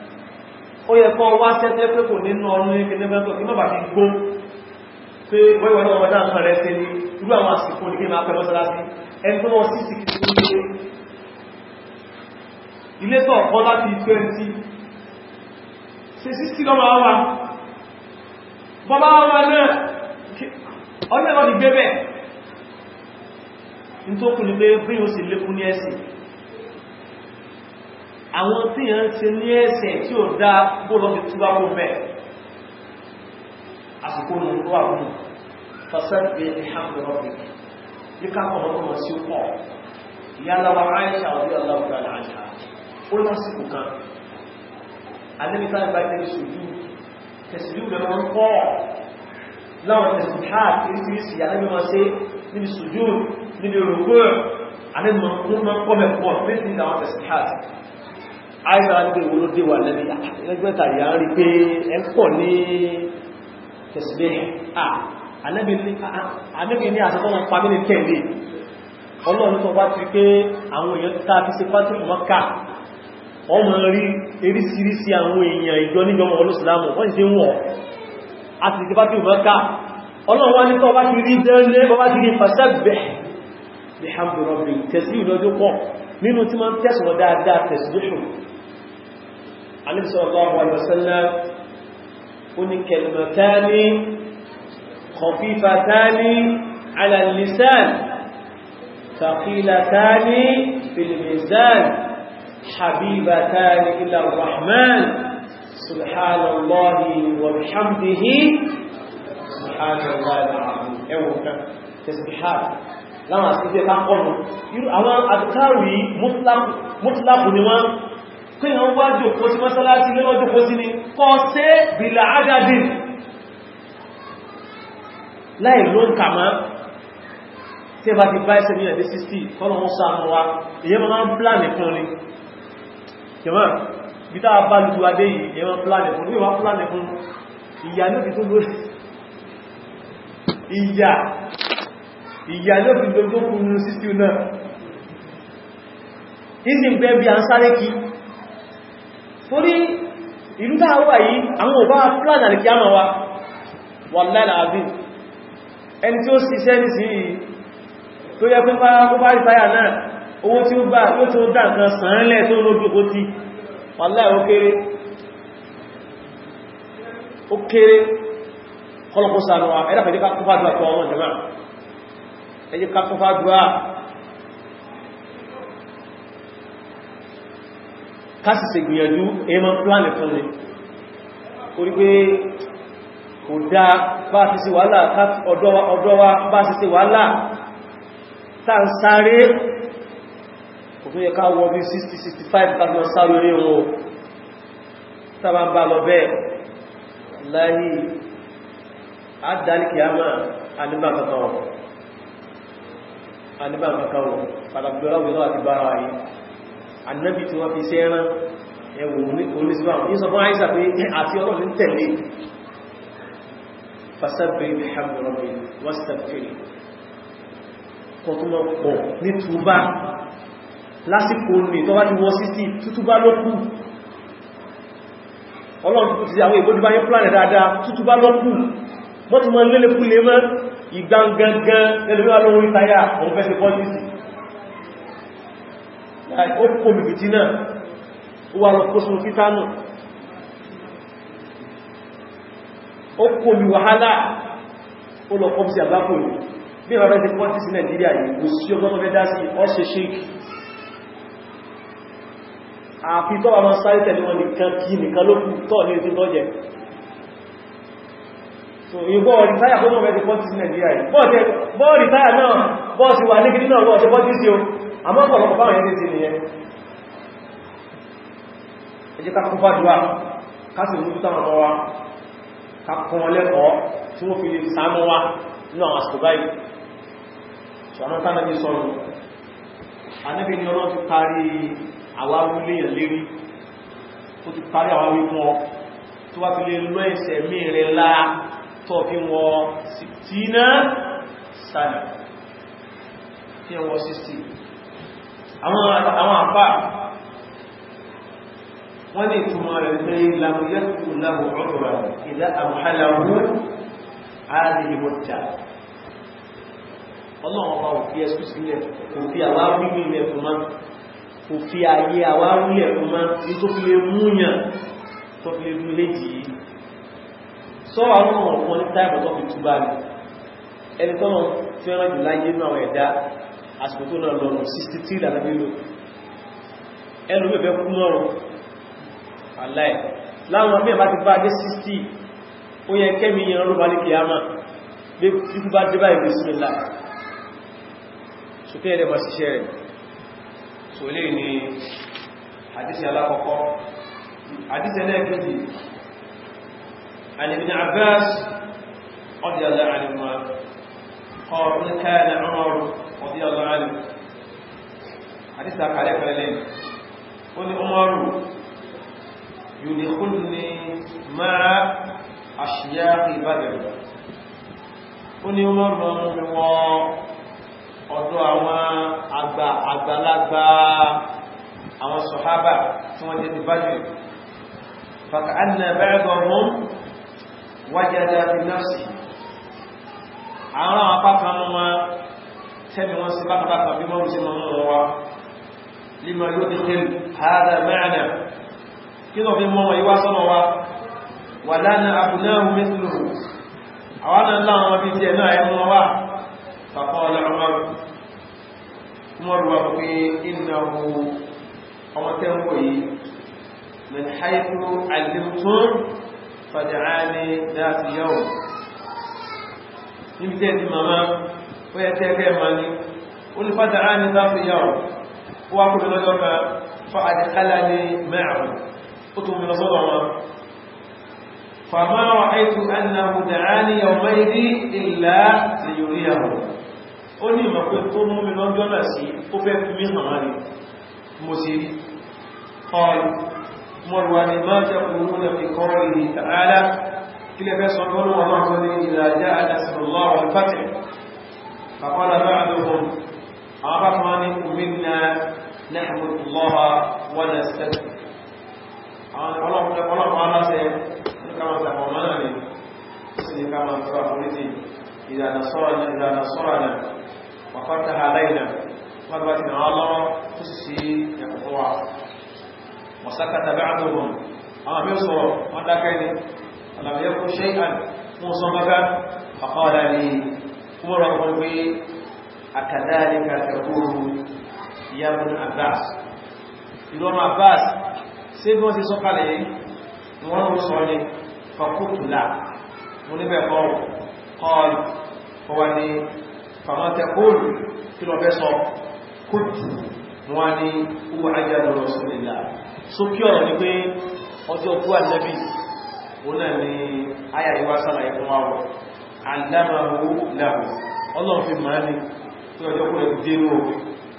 ó yẹ kọ́ wá sẹ́tẹ́ pé kò nínú ọdún ní kẹ́lẹ́ mẹ́tọ̀ kí mọ́bà fi gbó pé wọ́n náà wọ́n dáǹkan rẹ̀ sí ní irú àwọn àsìkò ní kí máa pẹ̀lọ́ sọ́lásí ẹni tó wọ́n sí sí kí tó lé ilé tó ọ̀pọ̀ láti 20 ṣe sí sí lọ́mọ wa bọ́bá wa náà ọdún ẹ̀rọ ti gbé bẹ́ẹ̀ ní tó kù ní àwọn tí yẹn ń ṣe ní ẹ̀ṣẹ̀ tí ò dá bóòlọ́ ti túbá kó bẹ̀ àsìkò ní ọwọ́ àwọn fasẹ́gbẹ̀ ìhàmdọ̀rọ̀bì bí káàkọ̀ lọ́kọ̀ sí pọ̀ ìyálawa aisha ọdí ọlọ́gbà láàájá ó lásìkò kan alẹ́mítà ìgbà ìgbà ìṣòjú tẹ̀sìlú rẹ̀ wọ́n pọ̀ láwọn tẹ̀sìlá kìrìsìrìsì alẹ́mímọ́ sí níbi ṣòjú níbi òrùkú alẹ́mọ̀ àìsàn ní ìwò ló dé wà lẹ́bí ah, ẹgbẹ́ta ìyà ń rí pé ẹ̀pọ̀ ní tẹ̀sílẹ̀ ah, ànẹ́bí ní àṣẹ́kọ́ wọn pàmí ní tẹ̀lé ọlọ́run tó bá ti pé àwọn èèyàn tá fi ṣe pátí mọ́ká ọmọ rí eríṣiríṣi àwọn èèyàn ìjọ níjọmọ̀ olóṣìlámù wọ́n ti wọ́n a ti ṣe pátí mọ́ká ọlọ́run wá ní tọ́ bá ti rí dẹ́rẹ́ bọ́ ti rí fàṣẹ́bẹ̀ bihamdu rabbi tẹ̀sí ìlọ́jọ́ pọ̀ nínú tí wọ́n tẹ̀sùn dáadáa tẹ̀sí Ànábì sallallahu alaihi wasallam ó ní kalimatani khafifatani ala al-lisan thaqilatani fil mizan habibatani ila ar-rahman subhanallahi wa bihamdihi subhanallahi al-azim ẹwọ̀n kan tasbihah láwọn àti ìjẹ́ ká kọ́nù àwọn àtàrí pé yàn wá jòkó sí mọ́sálásí lọ́wọ́ jòkó sí ni kọ́ sí bìlà ágádì láì ló ń kà mọ́ tí ẹ bá ti bá ẹsẹ̀ mílẹ̀ ní 60 kọ́nà wọ́n sá mọ́ wa èyẹ ma máa ń pláàni fún ni jẹ́mọ́ bí táà bá lùtù adé yìí èyẹ ma pláàni fún ní wà pláàni fún ìyà ló fi tó lórí ìyà ìyà ló fi tó lórí 60 náà ìsìn pẹ́ bí a ń sáré kìí torí ìlú dáwà yìí àwọn ò bá plan àti ama wa wallahi alazim ẹni tí ó ṣiṣẹ́ ní sí tó yẹ pín pápá ìfáyà náà owó tí ó gbà tó tó dá nǹkan sàánlẹ̀ tó lójú ó kéré ó kéré kásì ṣe gbìyànjú ẹmọ́ plan fún ni orí pé kò dá bá fi sí wàhálà ọ̀dọ́ wa bá sì sí wàhálà tá ń sáré kò tún yẹ ká wọ bí 60-65 tàbí wọn sáré orí wọn tàbá bá lọ bẹ́ẹ̀ láyé àdálìkì àmà àníbà kankan wọn àníbà kankan wọn pàtàkì ọlọ́wọ́ àti bára yìí annabi tí wọ́n fi ṣe ẹran ẹwò onísìbá ní sọ fún àìsà pé àti ọlọ́run ní tẹ̀lé fasabbih bihamdi rabbika wastaghfirhu kọ tó mọ́ pọ̀ ní túbá lásìkò ní tó bá ti wọ́ sí sí tútúbá ló kù ọlọ́run tó ti àwọn ìbójúbá yẹ́ pláàrẹ dáadáa tútúbá ló kù wọ́n ti mọ́ lélẹ́kú lé mọ́ ìgbàngangan ẹlẹ́mẹ́wà lórí táyà òun fẹ́ sí pọ́lísì ó kó mìbìtì náà ó wà lọ kó sínú títánù ó kó mi wàhálà ó lọ kọ́ sí àgbákò yìí bí ọ̀rẹ́ ti pọ́ntì sí nàìjíríà yìí kò sí ọgbọ́n fẹ́ dá sí ọ́ṣẹ́ ṣéèkì àfi tọ́wà máa sáré tẹ̀lé wọn nìkan kí nìkan ló kù tọ́ ní ètò lọ́jẹ̀ ìwọ rìtáyà tó mọ̀ rẹ̀ ti pọ́ntì sí nàìjíríà yìí bọ́ọ̀rìtáyà náà bọ́ọ̀sì wà ní gidi náà lọ́ọ̀ṣẹ́ pọ́ntì àmọ́ ọ̀pọ̀lọpọ̀ báwọn ẹni ti nìyẹn ẹ jẹ́ ká kún fàdúwà ká sì mú sáwọn ọmọ wa ká kún wọn lẹ́kọ̀ọ́ tí wọ́n fi lè sáánú wa nínú àwọn àsìkò báyìí ṣọ̀nà tánàbí sọ̀rọ̀ anábì ní ọlọ́ ti parí àwárí léyàn lérí ó ti parí àwárí fún ọ àwọn àpá wọ́n ní ìtumọ̀ rẹ̀ pé lámúyẹ́kù láhù ọ̀rọ̀ ìdá àmàlàwò àdìyíwọ̀ta ọlọ́run wa ò fi ẹ̀sùn sílẹ̀ kò fi àwárí ilẹ̀ fún ma kò fi ayé àwárí ilẹ̀ fún ma ní tó fi lè múyàn tó fi lè mú àsìkò tó náà lọ́rùn 63 lànàbílò ẹnu mẹ́fẹ́ kú lọ́rùn aláì láwọn mẹ́ bá ti bá dé 60 ó yẹ kẹ́mi yẹn ló bá ní kìyàmá bí kú bá dé báyìí bísmìlá so kẹ́ẹ̀dẹ̀ ma ṣiṣẹ́ rẹ̀ so lè ní hadisi كان عمر رضي الله عنه حديث عليه قليلين قل عمر يدخلني مع أشياخ بدر قل عمر من هو ọ̀dọ̀ àwọn àgbà àgbàlagbà àwọn sọ̀hábà tí wọ́n jẹ́ ti bájú fàkàánà bẹ́ẹ̀gọ̀ wọn wájẹ́ àti àwọn apá kan wọn tẹ́mi wọn sí bákàbákà bí wọ́n sí mọ́ mọ́ wa lima yóò ti tẹ́lù hádà mẹ́rin kí lọ fi mọ́ wọn yíwá sọ́nà wa wà lánà àbúnáhù mẹ́sìlùmù àwọn náà láwọn ọmọ bí i من حيث علمتم فدعاني ذات يوم níbi tẹ́ ti màmá ó yẹ kí ẹgbẹ́ ma ní ó ní fádà á ní bá fi yà ó ó wá kúrò lọ́jọ́ kan fa àdìkálà ní mẹ́àrùn ó tún mi lọ sọ́dọ̀ wọn fàmá wà áìtù annahu dàání yawmaidi illa liyuriyahu ó ní ìmọ̀ tó mú mi lọ́jọ́ náà sí ó fẹ́ fi mí hàn ní mo sì فقال بعضهم عرفني أمنا نحمد الله ونستغفر ọlọ́pàá aláṣẹ níkàmà sàpọ̀ mọ́nà ni sí níkàmà tó àforíjì ìdànàsọ́rànà wàkọ́ta aláìnà wọ́n bá ti náà lọ́wọ́ tó sì sí ẹ̀kọ́ wa wàsáka tàbí àdúgbò àwọn mí sọ wọ́n dákẹ́ ni alàmìyàn Umar ọkùnrin pé àkàdáríkà ẹ̀kúrú yabun Abbas ìlọ́nà Abbas sí bí wọ́n ti sọ́kàlẹ̀ yìí wọ́n ń sọ ní fakútùlá mo níbẹ̀ kan kọlu ọwà ní fàmọ́tẹ̀kúrú kí lọ fẹ́ sọ kútù wọ́n ní uwa ajẹ́lú rọ̀sùlélà so kí ọ̀rọ̀ ni pé ọjọ́ kú àjẹ́bí òun náà ni ayà ìwásàlà ìfún wa wọ̀ àlámàwó láwọ̀ ọlọ́run fi máa ní tó ọjọ́ kúrò dérò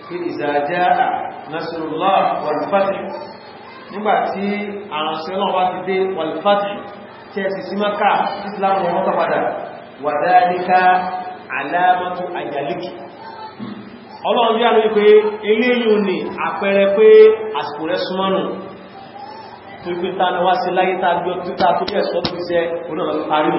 kí ìzàjá nasrullah wàlúfàtì nígbàtí àrànṣẹ́ ọlọ́run wá ti dé wàlúfàtì tí ẹ sì sí maka islam wọn tàpadà wàdáríká alámàtò àjálìkì ọlọ́run yà lórí pé eléyìn ni àpẹẹrẹ pé àsìkò rẹ̀ súnmọ́nù tó sí láyé tàbí ọdún tó tẹ́ sọ́tún iṣẹ́ onáà parí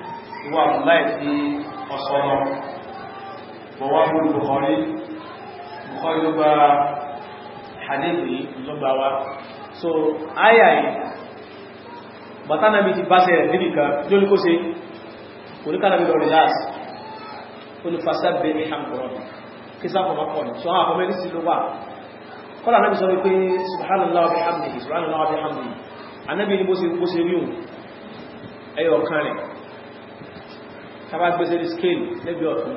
ìwà láì tí ọ̀sọ̀ lọ bọ̀wọ́ mú Bukhari Bukhari ló bá hadithi ló bá wá so ayà yìí bàtánàbí ti báṣẹ̀ níbìkà lórí kó se oníkànàbí lọ relax olùfàṣàbẹ̀ ìhàmùrọ̀bì kí sáfọ̀mọ́ pọ̀ ní ṣọ́hàn àkọ́mẹ́rí sí ló wà kọ́lá náà sọ wípé subhanallah wa bihamdihi subhanallah kan rẹ̀ sábà gbèsè ní scale lẹ́bí ọ̀tún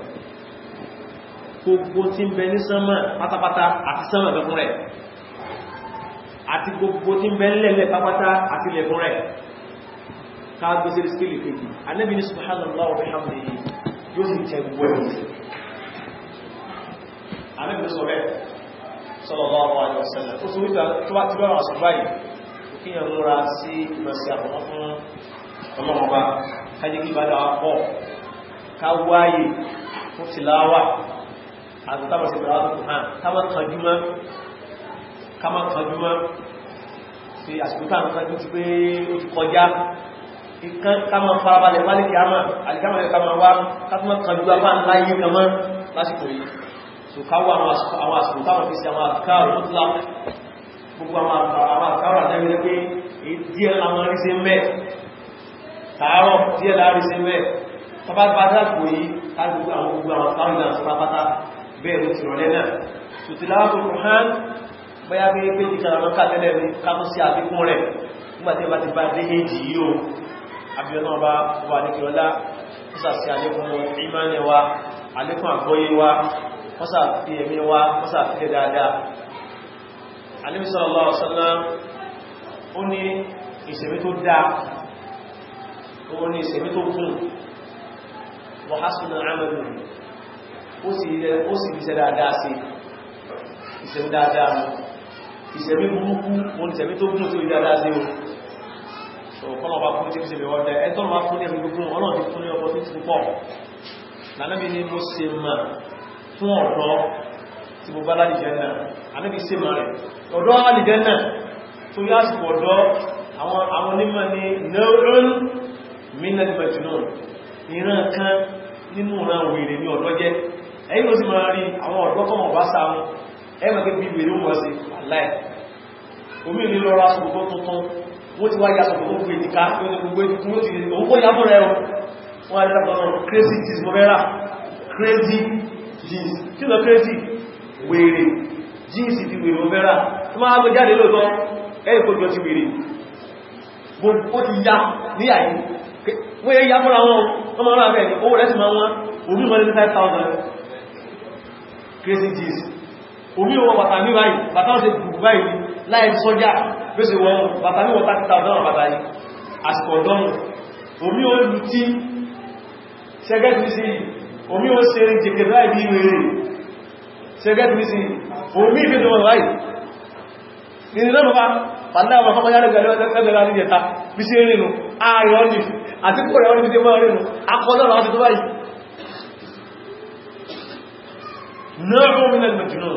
gbogbo tí ń bẹ ní sánmà pátápátá àti sánmà lẹ́kún rẹ̀ àti gbogbo tí ń bẹ lẹ́lẹ̀ pátápátá àti lẹ́kún rẹ̀ sábà gbèsè ní scale anẹ́bí ní subhanallah wa bihamdihi yóò sì tẹ gbogbo ẹ̀ anẹ́bí sọ bẹ́ẹ̀ sallallahu alaihi wasallam ó sọ wípé tó bá ti bẹ́rẹ̀ àṣùgbà yìí kájíkí bá dáwà pọ̀ ká wáyé fún tìláwà àti tábà sí ìgbàláwà tó hàn tábà kanjúmọ́ kámà kanjúmọ́ sí àsìkò táà kanjú ti pé ó ti kọjá ìkan kámà farabalẹ̀ wálìkì àmà àlìkámàlẹ̀ kámà wá kátùmọ́ kanjú apá láyé kamọ́ lásìkò yìí so káwọ àwọn àsìkò tábà fi sí àwọn àkàrù tó tìlá gbogbo àwọn àkàrù àtẹ́gbẹ̀rẹ́ pé díẹ̀ láwọn rí sí mẹ́ tààrọ̀ tọba gbádá kò yí kágbogbo àwọn gbogbo àwọn sáwọn pápátá bẹ́ẹ̀ ló ti rọ̀lẹ́ náà sùtìláwà tó kùn hàn bóyá bí pé ìjà àwọn kàtẹ́lẹ̀ ní kápọ́ sí àfikún rẹ̀ nígbàtí bá ti bá dé èjì yìí o abiyọ́nà ọba wà ní tó dáa ó ní ìṣẹ̀mí tó kún wọ́n há súnà àmàlù ó sì rí iṣẹ́ dáadáa sí ìṣẹ̀mí dáadáa mú ìṣẹ̀mí burúkú wọn ìṣẹ̀mí tó gún tó rí dáadáa sí o ọ̀pọ̀lọ̀ bá fún tí ó ṣe lè wọ́dẹ̀ ẹ́ tọ́lọ̀ bá fún ní ẹgbẹ̀gbẹ̀ gún ọlọ́dí fún ní ọgbọ́ tó ti pọ̀ lànàbí ni mo ṣe mà fún ọ̀dọ́ ìran kan nínú ìran wèrè ní ọ̀dọ́ jẹ́ ẹ̀yìn ló sì máa rí àwọn ọ̀dọ́ bá sáwọn ẹmọ̀ pé bí wèrè sí aláì omi ìlú lọ ra tuntun wọ́n ti wá ya sọ̀rọ̀ ìdíká wọ́n adé lọ́pọ̀lọpọ̀ crazy jeans mo crazy jeans kí lọ crazy wèrè jeans ti wèrè mo rẹ́ra tó máa gbé jáde lóòtọ́ ẹ̀yìn kó jọ ti wèrè ó ti ya ní àyè wọ́n yẹ yàbọ̀ ra wọ́n máa rà bẹ́ẹ̀ ni owó rẹ̀ sì máa wọ́n orí wọ́n ní 5,000 crazy jeans orí wọ́n bàtà ní báyìí bàtà wọ́n ṣe gbùgbù báyìí láì sọ́jà pèsè wọ́n bàtà ní wọ́n 30,000 bàtà yìí àsìkò ọ̀dọ́rùn orí wọ́n lù tí sẹ́gẹ́tìmísì orí wọ́n ṣe rí jẹ́kẹ̀ láì bí rere sẹ́gẹ́tìmísì orí ìfẹ́dọ̀ wọn láì nínú náà bá pàdé àwọn ọmọ yára gẹ̀rẹ́ ẹgbẹ̀rẹ́ àríyẹta bí sí rínú ààrẹ ọ́nìyàn àti kò rẹ̀ orí mọ́ rínú akọ́lọ́rọ̀ ọdún tó báyìí náà gómìnà ìgbẹ̀jùnà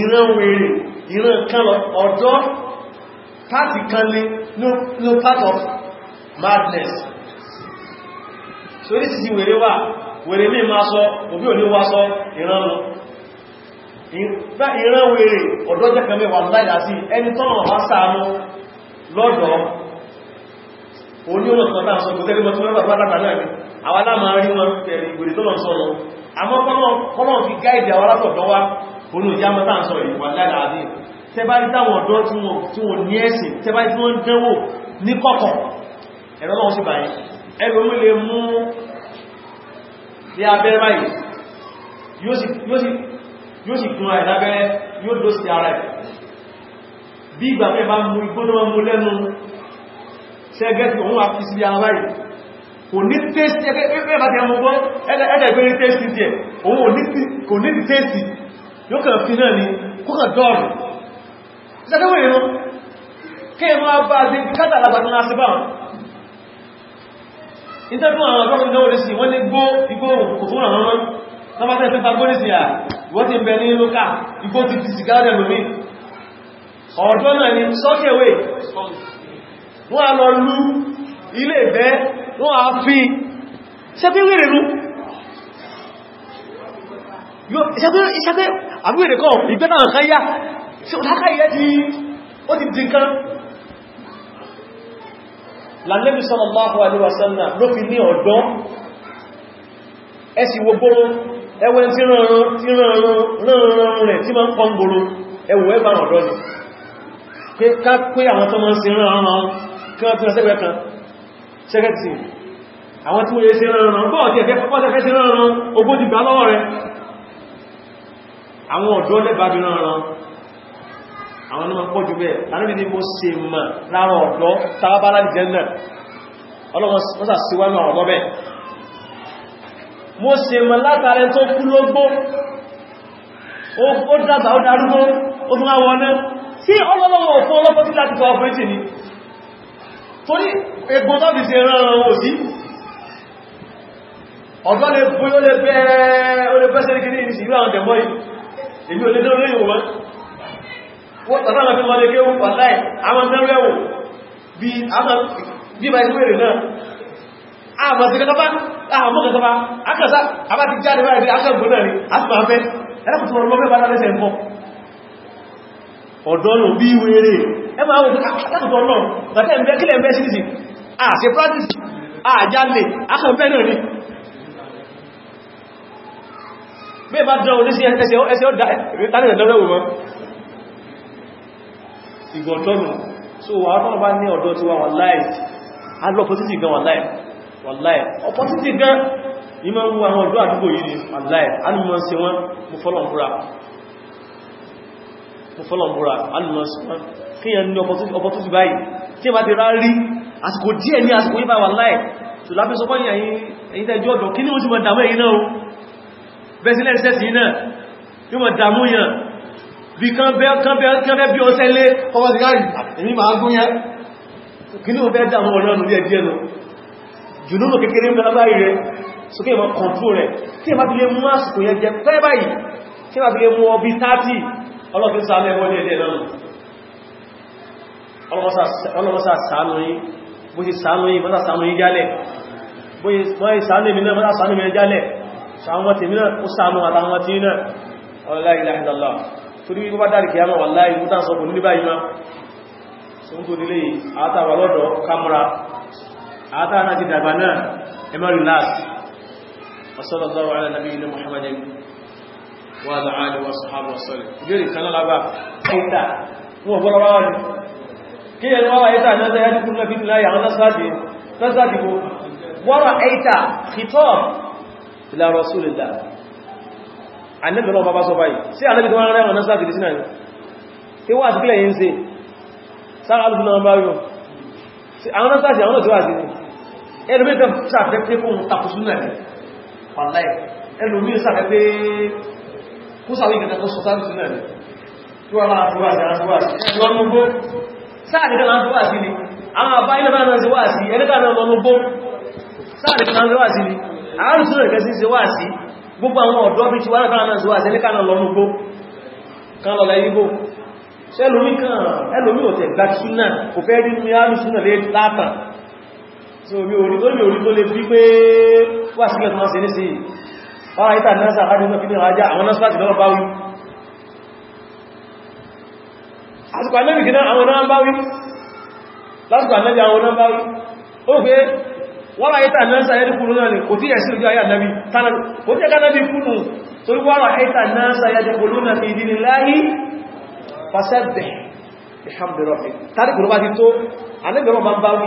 ìran wèrè ìran kan ọ̀dọ́ pàtì kan lé no part of madness so ní sí wèrè wà wèrè ní máa sọ òbí òní wá sọ ìran lọ ìran wèrè ọ̀dọ́ jẹ́ kan mẹ́wàá láìdá sí ẹni tọ́nà wá sáà lọ́dọ̀ọ́ òní ọ̀nà kan láàá sọ kò tẹ́lẹ̀ mọ́tún mẹ́bàá pátápàá náà ni àwọn aláàmà rí wọn tẹ̀lé ìgbèrè tó lọ́n sọ́nà àmọ́ kọ́lọ̀n fi gáìdì àwọn alátọ̀dọ́ wá òní òjá mọ́ta ń sọ ìwà láìlà àdé tẹ́bárí táwọn ọ̀dọ́ tí wọ́n ní ẹ̀sìn tẹ́bárí tí wọ́n ń dẹ́wò ní kọ̀kọ̀ ẹ̀rọ náà sì báyìí ẹlò ń lè mú ní abẹ́rẹ́ báyìí yóò sì gún àìlábẹ́rẹ́ yóò dó sí ara ẹ̀ bí ìgbà bá mú igbóná mú lẹ́nu ṣẹ́gẹ́sì òun àfi sí ara báyìí kò ní tẹ́sì ẹgbẹ́ bá ti ẹmọ gbọ́n ẹ̀ẹ́dẹ̀gbẹ́rí tẹ́sì díẹ̀ òun kò ní tẹ́sì yóò kàn fi náà ni kókàn dọ́ọ̀rù ṣẹ́gbẹ́wẹ̀ ìran kí ẹmọ bá ti kátà alábàtí náà sí bá wọn ìtẹ́bí àwọn ọ̀rọ̀ ìnáwó lè sí wọ́n lè gbó igbó kò fún àwọn ọmọ tọ́bátẹ́ ìfẹ́ta gbó nìsìn à wọ́n ti bẹ ní lókà igbó ti ti sìgá ọ̀dọ̀ náà ni sọ́kẹ̀wé wọ́n a lọ lú ilé ìbẹ́ wọ́n a fi ṣẹ́gbẹ́wẹ̀rẹ̀ nú ìṣẹ́gbẹ́ àbúwẹ̀rẹ̀ kan ìgbẹ́ náà kan yá tí ó lákà ilẹ̀ tí ó ti dì kan lànẹ́bí sallallahu alaihi wasallam ló fi ní ọ̀dọ́ ẹsì wogbóró ẹwẹ́ tí rán rẹ̀ tí ma ń kọ́ ń gbóró ẹwẹ́ bá ọ̀dọ́ ni pé ká pé àwọn tó mọ́ sí rán rán kan tún ẹsẹ́gbẹ́ kan ṣẹ́gẹ́tì àwọn tí mo yẹ sí ránran bọ́ ọ̀tí ẹ̀fẹ́ pọ́pọ́ tẹ́fẹ́ sí ránran ogbó ti gbà lọ́wọ́ rẹ̀ àwọn ọ̀dọ́ lẹ́bàájú ránran àwọn ọmọ pọ̀ jù bẹ́ẹ̀ láàrín ní mo se mà lára ọ̀dọ́ tàbábálá ní jẹ́nà ọlọ́wọ́sà síwánú ọ̀dọ́ bẹ́ẹ̀ mo se mà látàrẹ tó kú lógbó ó dàgbà ó darúgbó ó tún wá wọná sí ọlọ́lọ́wọ́ òfin ọlọ́pọ̀ tí láti sọ ọkùnrin tì ní torí egbò tó fi ṣe rán ọmọ sí ọ̀dọ́ lè bú ó lè bẹ́ ṣe kìí sí ìlú àwọn tẹ̀mọ́ yìí èmi ò lè dẹ́rọ lóyìn wọn wọ́n tàbí àwọn tẹ́mọ́ lè kéwù pàtàkì àwọn tẹ́rọ ẹ̀wò bí bá ìwé rẹ̀ náà àmọ́ sí kẹtọ́bá àmọ́ kẹtọ́bá akẹ́sà àbá ti jáde báyìí akẹ́gbọ́n náà ni a sì máa fẹ́ ẹlẹ́kùn tó rọ lọ́mẹ́bàá lẹ́sẹ̀ ń bọ́ ọ̀dọ́nù bí wèrè ẹmọ ah, ah, ah, àwọn akẹ́kọ̀ọ́ náà tàbí ẹ̀mẹ́ kílẹ̀ ẹ̀mẹ́ sílìsì àṣẹ practice àjálẹ̀ akẹ́kọ̀ọ́ náà ní bí bá dán orí sí ẹsẹ̀ ọ̀dá ìrìtàlẹ̀ ìdánwò ìgbọ̀tọ́nù fọ́lọ̀mọ́ra alìmọ̀sán kíyàn ní opportunity báyìí tí ma ti rá rí àsìkò díẹ̀ ní àsìkò yípa wà láì tó lábí sọ pọ́nyà yìí tẹ́jú ọ̀dọ̀ kí ní ó sì mọ̀ dàmú ẹ̀yìn náà bẹ́sílẹ̀ ìṣẹ́sì náà yóò mọ̀ dàmú yàn bí kan bẹ́ bí ọsẹ́ lé ọmọ sí gáàrì èmi máa gún yá kí ní ó fẹ́ dàmú ọlọ́run ní ẹ̀dí ẹ̀nà jùlọ kékeré mẹ́lá báyìí rẹ̀ sókè mọ̀ kọ̀ntró rẹ̀ tí ẹ bá fi lè mú àsìkò yẹn jẹ pẹ́ báyìí tí ẹ bá fi lè mú ọbí 30 ọlọ́fin sáàmù ẹwọ́ ní ẹ̀dẹ́ náà ọlọ́mọsá sáàmù yí bó ti sáàmù yí mọ́sá sáàmù yí jálẹ̀ bó yí sáàmù mi náà mọ́sá sáàmù mi jálẹ̀ sáàmù tèmi náà ó sáàmù àtàwọn tí náà ọlọ́lá ilaha illallah torí wípé bá dárì kìyàmọ̀ wà láì mútà sọ kùn ní báyìí máa sún tó nílé àátàwà lọ́dọ̀ kámúra àátàwà náà ti wọ́n àdá àdá wọ́n sọ̀hábọ̀ sọ̀rọ̀ ìbéèrè kan lálábà ẹ̀ta wọ́n bọ́rọ̀ wá ní kí ẹni wọ́n ẹ̀ta náà tẹ́ yájú kúrò fíìmì láyé àwọn lásàdì lásàdì bó wọ́rọ̀ ẹ̀ta fìtọ́ ìlà rasulillah annabi náà sàfẹ́ pé kó sàwé ìgbẹ̀ta tó sọ̀tà lùsùn náà tí wọ́n máa fúwà sí àwọn fúwà sí ẹ̀rọ ọmọ gbó sáàdì kan láti wà sí ni àwọn àbá ilẹ̀ bá náà sí wà sí ẹ̀lẹ́kà náà ọmọ gbó sáàdì kan láti wà sí ni àwọn ìṣúná ìkẹ́ sí sí wà sí gbogbo àwọn ọ̀dọ́ bí ti wà náà sí wà sí ẹ̀lẹ́kà náà lọ́nà gbó kan lọ lẹ́yìn gbó ẹlòmí kan ẹlòmí ò tẹ̀ gbá súnà kò fẹ́ rí ní àrùn súnà lé látàn so mi ò rí tó lè fi pé wà sílẹ̀ tó máa ṣe ní sí ọ̀rọ̀ ìta nasa àdínà fi ní rajá àwọn nasa ti lọ́wọ́ báwí àsìkò ànẹ́bì gina àwọn náà báwí lásìkò ànẹ́bì àwọn náà báwí ó pé wọ́rọ̀ ìta nasa yẹ́ kúrò náà ni kò tí yẹ̀ sí ojú ayé ànẹ́bì kò tí ẹka náà kúrò torí wọ́rọ̀ ìta nasa yẹ́ kúrò náà fi dínì láhí fasẹ́bẹ̀ ìhàmbẹ̀rọ̀fẹ̀ tàbí kúrò bá ti tó ànẹ́bì ọmọ báwí